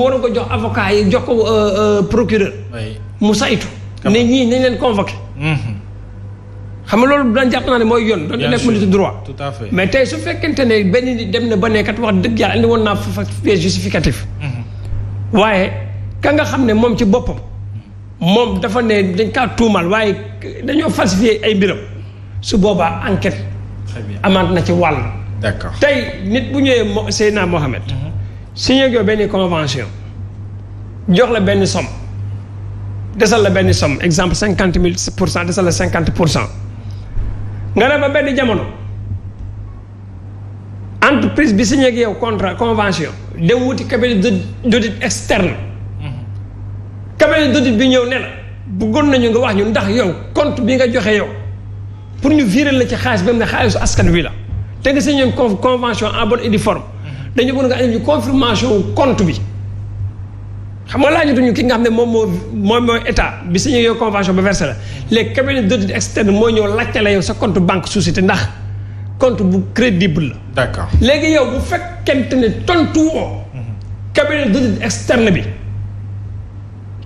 waroon ko jox avocat yi jox ko euh, euh, procureur. mu saytu. ne ñii nañ leen convoqué. Mhm. xam nga loolu daan jàpp naa ne mooy yoon. bien sûr nekk droit. tout mais tey su fekkente ne benn nit dem na ba nekkat wax dëgg yàlla andi woon naa fa pièce justificatif. Mhm. waaye ka nga xam ne moom ci boppam. moom dafa ne dañ kaa tuumal waaye dañoo falsifier ay mbiram su boobaa enquête. amaat na ci wàll. d'accord tey nit bu ñëwee Seydina Mohamed. Mhm. signé ak yow benn convention jox la benn somme desal la benn somme exemple cinquante mille pour cent desal la cinquante pour cent nga ne ba benn jamono entreprise bi signé ak yow contrat convention de wuti cabinet d'audit externe cabinet d'audit bi ñëw ne la bëggoon nañu nga wax ñu ndax yow compte bi nga joxe yow pour ñu virer la ci xaalis ba mu ne xaalisu askan wi la te nga signé convention en bonne et due dañu mën nga andil ñu confirmation compte bi xam nga laajatuñu ki nga xam ne moom moo moom état bi signé yow convention ba la les cabinets d'audit externe moo ñëw laajte la yow sa compte banque société ndax compte bu crédible la. d'accord léegi yow bu fekkente ne tontu woo. cabinet d'audit externe bi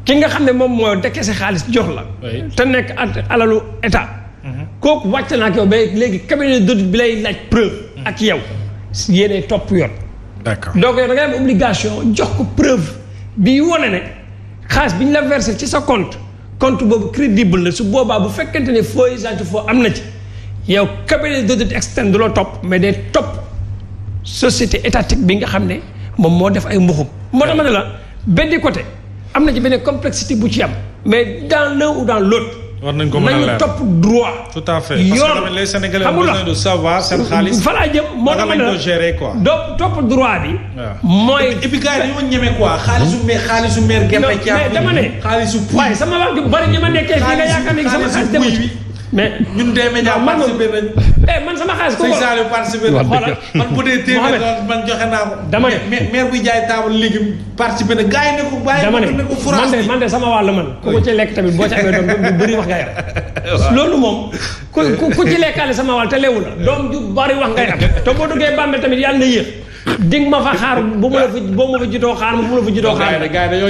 ki nga xam ne moom mooy de kese xaalis jox la. te nekk at alalu état. Mhm. kooku wàcc na ak yow ba léegi cabinet d'audit bi lay laaj preuve. ak yow mhm. yéenay topp yoon. d'accord donc yow da ngay am obligation jox ko preuve bi wane ne xaalis bi ñu la versé ci sa compte compte boobu crédible la su boobaa bu fekkente ne faux usage foo am na ci yow cabinet d'audit externe du la topp mais de topp société étatique bi nga xam ne moom moo def ay mbuxum moo tax ma ne la benn côté am na ci benn complexité bu ci am mais dans l'un ou dans war nañ ko mën a leer nañu topp droit. tout à fait parce que tamit les sénégalais ont besoin de savoir seen xaalis. fa laa topp droit bi. mooy. et puis gars yi dañoo ñeme quoi. xaalisu meer xaalisu meer gerte. non mais dama ne. xaalisu puy sama wax bari ñi nekkee fii nga yaakaar ne sama xaalis demul mais ñun des médias participé nañu. Eh, man sama xaalis ku ko Saliou participé na man bu dee téeméer man joxe naa ko. dama ne maire buy jaay taabal légume participé na gars yi ne ko bàyyi. dama man de man de sama wàll man ku ko ci lekk tamit boo ci amee doom bu bëri wax ngay am. loolu moom ku ku ci lekkaale sama wàll te lewu la doom ju bari wax ngay am te boo duggee Bambey tamit yàlla na yéex. di nga ma fa xaar bu ma la fa boo ma fa jitoo xaar ma bu ma la fa jitoo xaar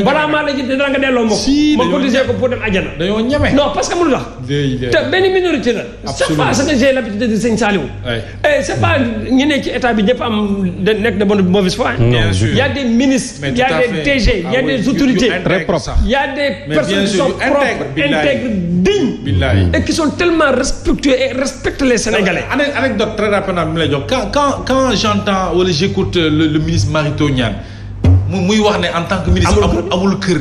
balaa maa la jit dana nga delloo ma ma cotisé ko pour dem ajana dañoo ñeme non parce que mënu tax te benn minorité la c'est pas ce que j'ai l'habitude de dire sëñ Saliou et eh, c'est pas ñu ne ci état bi ñëpp am de nekk de bonne mauvaise foi y a des ministres y a des DG y a des autorités très propres y a des personnes qui sont propres intègres dignes et qui sont tellement respectueux et respectent les Sénégalais anecdote très rapidement mi lay jox quand quand quand j'entends wala j'écoute écoute euh, le, le ministre Marito Niang mu muy wax ne en tant que ministre amul amul kër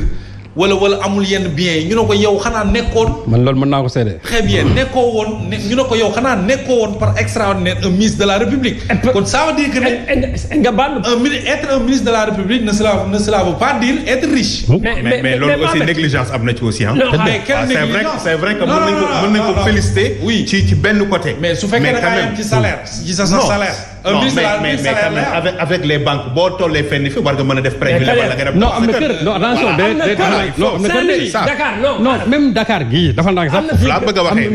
wala wala amul yenn bien yi ñu ne ko yow xanaa nekkoon. man loolu mën naa ko seede. très bien nekkoo woon ne ñu ne ko yow xanaa nekkoo woon par extraordinaire un ministre de la république. kon ça dire que ne. nga baal un ministre de la république ne cela ne dire être riche. mais mais mais aussi négligence am na ci mais ah, ah, c'est vrai que mën nañu ko mën nañu ko féliciter. oui ci benn côté. un ministre la mais mais quand même avec avec les a def attention. non am na kër Dakar non même Dakar sax. laa bëgg a waxee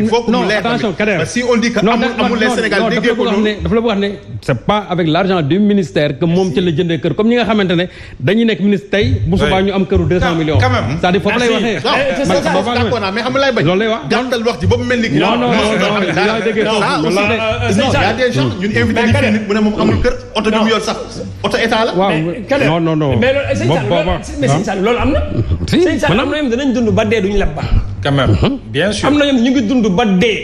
il faut que moom ci la jëndee kër comme ñi nga xamante ne dañuy nekk ministre tey bu subaa ñu am këru millions. cest à foofu lay waxee. mais xam nga lay bañ. loolu lay wax gàttal wax ji ba mu mel ni. non non non non nit mu ne moom amul kër oto bi mu oto état la. waaw non non non mais loolu ah. am na. sëñ Saalum am na yéen danañ dund ba dee duñu leb ba. quand même bien sûr am na yéen ñu ngi dund ba dee.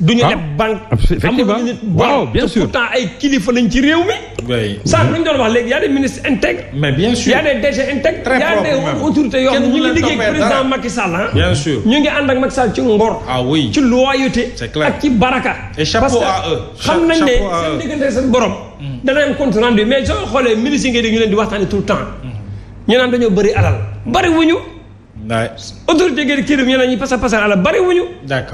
du ñu leb ah, banque. effectivement waaw bien sûr pourtant ay kilifa lañ ci réew mi. oui saa lu ñu doon wax léegi y' a des ministres intègres. mais bien sûr y' a des DG yoo xam ne ñu ngi liggéey ak président Macky Sall ah. bien ñu ngi ànd ak Macky Sall ci ngor. ah oui ci loyauté. c' ak ci baraka. et chapeau à eux parce que xam nañ ne seen diggante seen borom. Mm. dana am compte rendu mais soo xoolee ministres yi nga ñu leen di waxtaanee tout le temps. ñu naan dañoo bari alal bëri wuñu. autorité gën këram yeneen ñi pasar pasar àla bari wuñu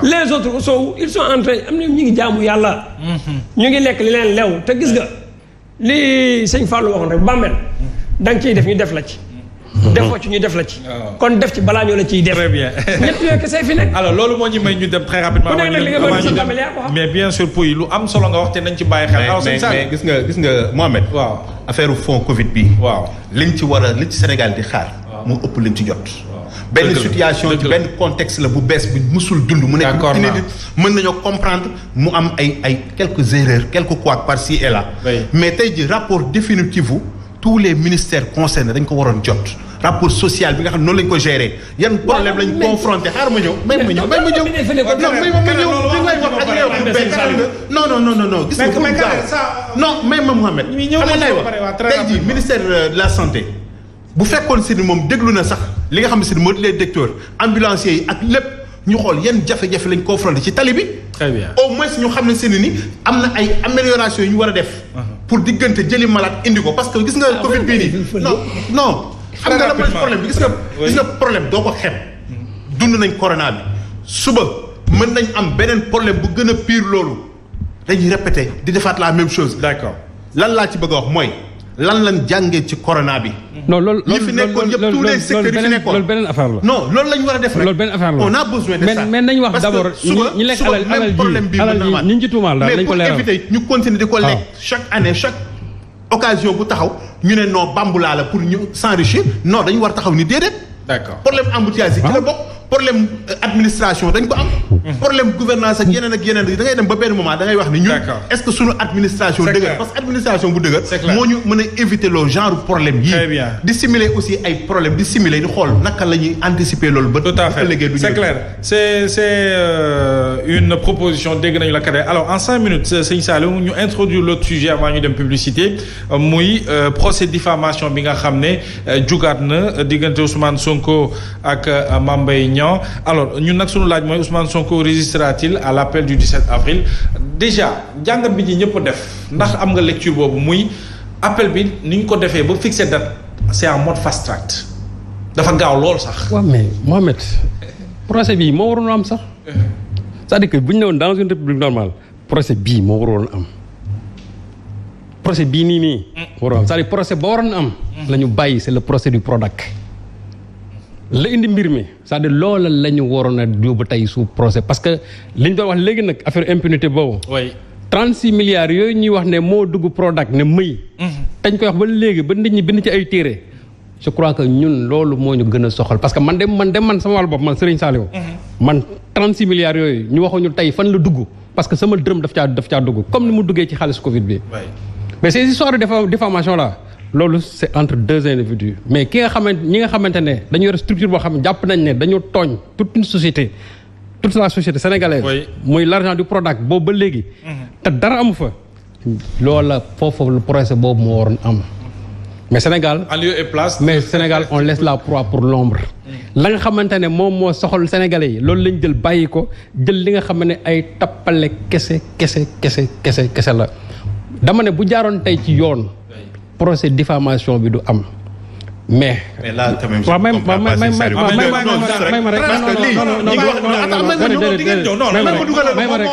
les autres soow ils sont en train am na ñu ngi jaamu yàlla mm-hmm. ñu ngi lekk li leen lew te gis nga li sëñ Fallou waxoon rek bàmmeel da nga ciy def ñu def la ci mm-hmm. defoo ci ñu def la ci oh. kon def ci balaa ñoo ciy def très bien loolu moo ñu ñu dem très rapidement ku nekk nag li lu am solo nga wax te ci bàyyi xel alors gis nga gis nga Mohamed waaw affaire fond Covid bi waaw liñ ci war a liñ ci Sénégal di xaar moo ëpp liñ ci jot benn situation ci benn contexte la bu bees bu musul dund mu nekk inédit mën nañoo comprendre mu am ay ay quelques erreurs quelques couacs par ci et là mais tey ji rapport définitif tous les ministères concernés dañ ko waroon jot rapport social bi nga xam ne noonu lañ ko gérer yan problème lañ confronté xaar ma ñëw may ma ñëw may ma ñëw non non non non non gis may ma Mouhamed tey ji ministère euh, de la santé bu fekkoon si ni moom déglu na sax li nga xam ne si ni moo di les docteurs ambulanciers yi ak lépp ñu xool yan jafe-jafe lañ confronté ci tali bi. très au moins ñu xam ne si nii am na ay amélioration yu ñu war a def. Uh-huh. pour diggante jëli malaat indi ko parce que gis nga. Ah, Covid bii nii non non. xam nga la mooy problème bi gis nga gis nga problème doo ko xeeb. Mm-hmm. dund nañ corona bi suba mën nañ am beneen problème bu gën a piir loolu dañuy répété di defaat la même chose. d'accord lan laa ci bëgg a wax mooy lan lañ jàngee ci corona bi. non loolu loolu ñi fi nekkoon yëpp tous les secteurs yi fi nekkoon loolu beneen affaire la. non loolu la war a def rek loolu beneen affaire la on a wax d' ñi lekk alal ji ñu ci tuumaal daal nañ ko leeral pour éviter ñu continuer di ko ah. chaque année chaque occasion bu taxaw ñu ne non bambulaa la pour ñu s'enrichir non dañu war taxaw ni déedéet. d' accord problème embouteillage yi ci problème euh, administration dañ ko am. Hmm. problème gouvernance ak yeneen ak yeneen da ngay dem ba benn moment da wax ni ñun. est-ce que suñu administration. dëgër parce que administration bu dëgër. moo ñu mën a éviter loolu genre problème yii. très bien di simuler aussi ay problème di simuler di xool naka la ñuy anticiper loolu. ba tout à fait c'est clair c'est c'est euh, une proposition dégg nañu la kat alors en cinq minutes euh, sëñ Saliou ñu introduire l'autre sujet avant ñu dem publicité muy procès diffamation bi nga xam ne jugaat na diggante Ousmane Sonko ak Mame Mbaye Niang alors ñun nag suñu laaj mooy Ousmane Sonko résistera t à l'appel du 17 avril déjà jàngat bi ñi ñëpp def ndax am nga lecture boobu muy appel bi ni ñu ko defee ba fixer date c'est en mode fast track dafa gaaw lool sax. waaw mais Mohamed procès bii moo waroon am sax. cest à bu ñu newoon dans une république normale procès bii moo waroon am. procès bii nii nii. Mm. waroon am c'est-à-dire procès ba waroon am. Mm. lañu ñu bàyyi c'est le procès du Prodac. la indi mbir mi c'est-à-dire loola la waroon a yóbbu tey sous procès parce que doon wax léegi nag affaire impunité boobu. oui 36 milliards yooyu ñuy wax ne moo dugg Prodac ne mëy. Mhm. dañ koy wax ba léegi ba nit ñi bind ci ay téere. je ñun loolu moo ñu gën a soxal parce man de man de man sama wàllu bopp man Serigne Saliou. Mhm. man 36 milliards yooyu ñu waxuñu tey fan la dugg parce que sama dërëm daf caa daf caa dugg comme ni mu duggee ci xaalis Covid bi. mais ces histoires de loolu c' est entre deux individus mais ki nga xamante ñi nga xamante ne dañu yor structure boo xam ne jàpp nañ ne dañu tooñ toute une société toute la société sénégalaise muy l' argent du Prodac boobu ba léegi mhm. te dara amu fa loolu la foofu le procès boobu moo waroon am mais Sénégal en place mais Sénégal on laisse la proie pour l'ombre mhm. la nga xamante ne moom moo soxal Sénégalais yi loolu lañ jël bàyyi ko jël li nga xam ne ay tappale kese kese kese kese kese la dama ne bu jaaroon tey ci yoon procès diffamation bi du am mais. mais là quand même je ne comprends pas sincèrement. waaw may ma may ma rek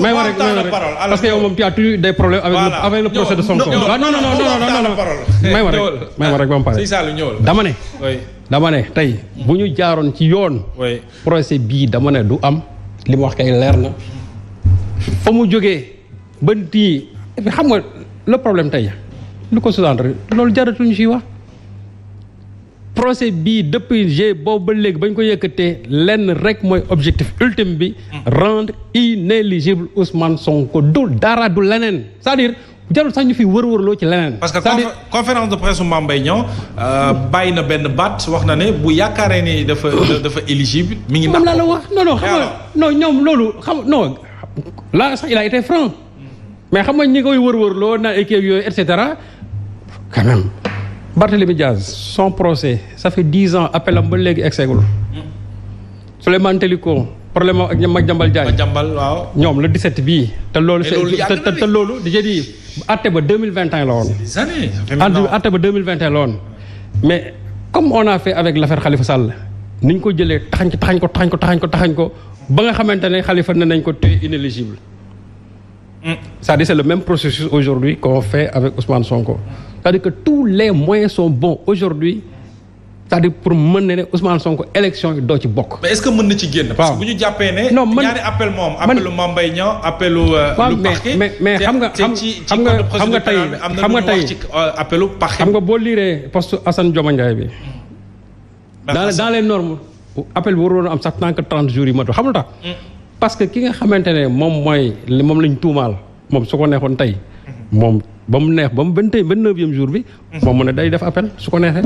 may ma rek parce que yow moom tu as toujours des problèmes. avec le procès de Sonko. non non non non may ma rek may ma rek ba mu pare. dama ne. dama ne tey bu ñu jaaroon ci yoon. procès bii dama ne du am. li mu wax kay leer na. fa mu jógee ba tii xam nga le problème tey. lu ko sous-entendre loolu jaratuñu ci wax procès bii depuis j boobu ba léegi bañ ko yëkkatee lenn rek mooy objectif ultime bi rendre inéligible Ousmane Sonko du dara du leneen c'est-à-dire sax ñu fi wër-wërloo ci leneen. parce que conférence de presse Mame Mbaye Niang euh, bàyyi na benn baat wax na ne bu yaakaaree ne dafa dafa éligible. mi ngi naan la wax non non xam nga loolu xam non là sax il a franc mais xam nga ñi koy wër loo naan équipe yooyu et cetera. quand même Barthélémy Diaz son procès ça fait dix ans appel am ba léegi exeggul Souleymane ko problème ak ñoom Madiambal Diagne Madiambal waaw ñoom le 17 bii. te loolu te te loolu je dis àtte ba 2021 la woon. des années àtte ba 2021 la woon mais comme on a fait avec l' affaire Khalifa Sall ni ñu ko jëlee taxañ ko taxañ ko taxañ ko taxañ ko ba nga xamante ne xalifa ne nañ ko tu es inéligible. Hmm. cest à le même processus aujourd'hui qu'on fait avec Ousmane Sonko. cest que tous les moyens sont bons aujourd'hui cest à pour mën na ne Ousmane Sonko élection yi doo ci bokk. mais est-ce que mën na ci génn. parce que bu ñu jàppee ne. non man ñaari appel moo am. appelu euh, mais xam nga. xam nga xam nga tey am na lu ñu wax ci euh, appelu parquet. xam nga boo liiree poste Assane Dioma Ndiaye bi. dans dans les normes. appel bi waroon am sax tant que 30 jours yi matu xam nga tax. Mm. parce que ki nga xamante ne moom mooy moom lañ tuumaal moom su ko neexoon tey moom. ba mu neex ba mu vingt et vingt-neuvième jour bi. Mhm. moom mu ne day def appel su ko neexee.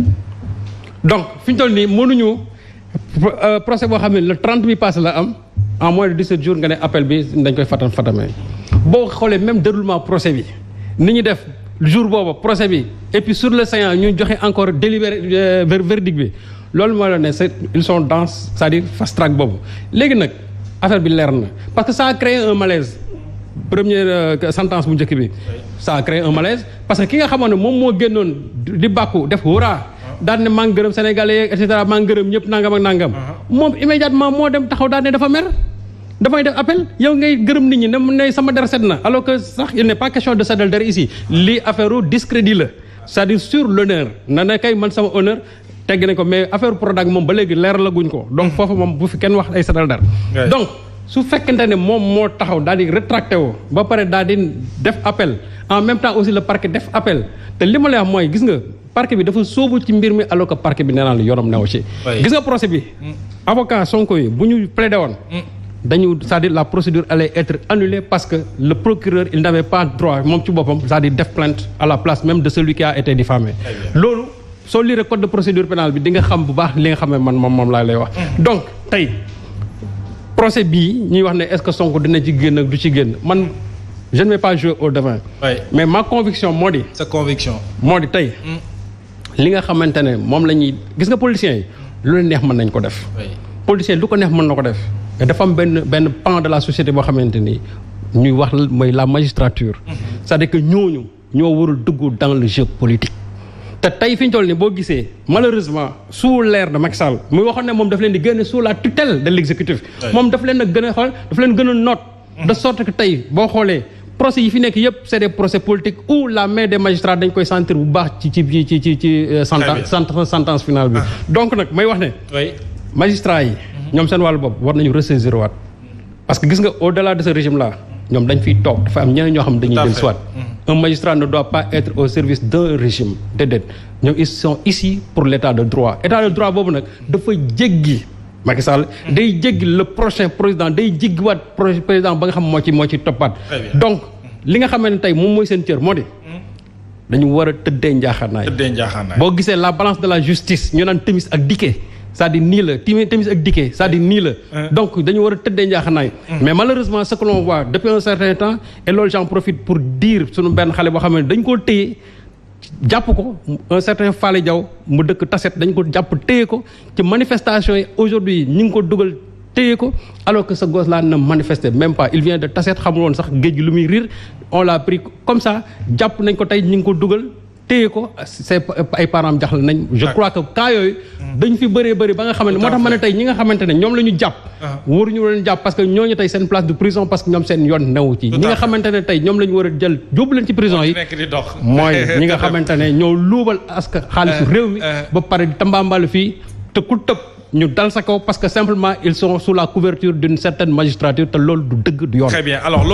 donc fi ñu toll nii mënuñu euh, procès boo xam ne le trente bi passé la am en moins de dix-sept jours nga ne appel bi dañ koy fatam fatamee boo xoolee même déroulement procès bi ni ñu def jour boobu procès bi et puis sur le séance ñu joxe encore délibéré euh, verdict bi loolu mooy la ne c'est ils sont dans c'est-à-dire boobu léegi nag affaire bi leer na parce que ça a créé un malaise. première euh, sentence bu njëkk bi sa a créé malaise parce que ki nga xamoon ne moom moo génnoon di bàkku def wóoraa daan ne maa ngi gërëm sénégalais et cetera gërëm ñëpp nangam ak nangam uh-huh. moom immédiatement moo dem taxaw daal ne dafa mer dafay def appel yow ngay gërëm nit ñi ne ne sama der set na alors que sax il n'est pas question de sa del der ici lii affaire discrédit la c'est-à-dire sur l'honneur na ne kay man sama honneur tegg ko mais affaire Prodac moom ba léegi leer la ko donc uh-huh. foofu moom bu kenn wax ay sa del su fekkente ne moom moo taxaw daal di rétracté ba pare daal di def appel en même temps aussi le parquet def appel te li ma lay wax mooy gis nga parquet bi dafa sóobu ci mbir mi alors que parquet bi nee naa la yorom newu ci gis nga procès bi mm. avocat Sonko yi bu ñu plaidé woon mm. dañu c'est-à-dire la procédure allait être annulée parce que le procureur il n'avait pas droit moom ci boppam cest à def plant à la place même de celui qui a été diffamé loolu soo lire code de procédure bi di xam bu baax li nga xam ne man moom moom laa lay wax mm. procès bii ñuy wax ne est-ce que Sonko dina ci génn ak du ci génn man je ne pas jouer au devin mais ma conviction moo di. sa conviction. moo di tey. Hmm. li nga xamante ne moom la ñuy gis nga policiers yi lu leen neex mën nañ ko def. policiers lu ko neex mën na ko def. mais dafa am benn benn pan de la société boo xamante ni ñuy wax mooy la magistrature. Hmm. c'est-à-dire que ñooñu ñoo warul dugg dans le jeu politique. te tey fi ñu toll boo gisee malheureusement sous l'ère de Macky Sall muy waxoon ne moom daf leen di génne sous la tutelle de l'exécutif moom daf leen a gën xool daf leen gën a noot de sorte que tey boo xoolee procès yi fi nekk yëpp c'est des procès politiques où la main des magistrats dañ koy sentir bu baax ci ci ci ci ci ci euh, sentence sentence finale bi ah. donc nag may wax ne magistrats yi ñoom seen wàll bopp war nañu ressaisir waat parce que gis nga au-delà de ce régime là ñoom dañu fi toog dafa am ñeneen ñoo xam ne dañuy dem soit mm-hmm. un magistrat ne doit pas être au service d'un régime déedéet ñoom ils sont ici pour l' état de droit état de droit boobu nag dafa jéggi Macky Sall mm-hmm. day jéggi la prochain président day jéggiwaat président ba nga xam moo ci moo ci toppaat donc li nga xamante ne tey moom mooy seen cër moo di mm-hmm. dañu war a tëddee njaaxaanaay boo gisee la balance de la justice ñu naan Témis ak Diké cest à nii la timis ak dikkee c'est-à-dire nii la donc dañu war a tëddee njaaxanaay hmm. mais malheureusement ce que l'on voit depuis un certain temps et loolu j'en profite pour dire suñu benn xale boo xam ne dañ koo téye jàpp ko un certain Fallé Diaw mu dëkk Tassette dañ ko jàpp téye ko ci manifestation yi aujourd'hui ñu ngi ko dugal téye ko alors que sa gos là ne manifestait même pas il vient de Tassette xamul woon sax géej lu muy riir on l'a pris comme ça jàpp nañ ko tey ñu ngi ko dugal téye ko c'est ay parents jaxal nañ je crois que dañ fi bëree bëri ba nga xamante ne moo tax ma ne tey ñi nga xamante ne ñoom la ñu jàpp ah. wóor ñu leen jàpp parce que ñooñu tey seen place de prison parce que ñoom seen yoon newu ci ñi nga xamante ne tey ñoom la war a jël jóbbu leen ci prison yi mooy ñi nga xamante ne ñoo luubal aska xaalisu eh, réew mi eh. ba pare di tambaambal fii te ku tëb ñu dal sa kaw parce que simplement ils sont sous la couverture dëgg du yoon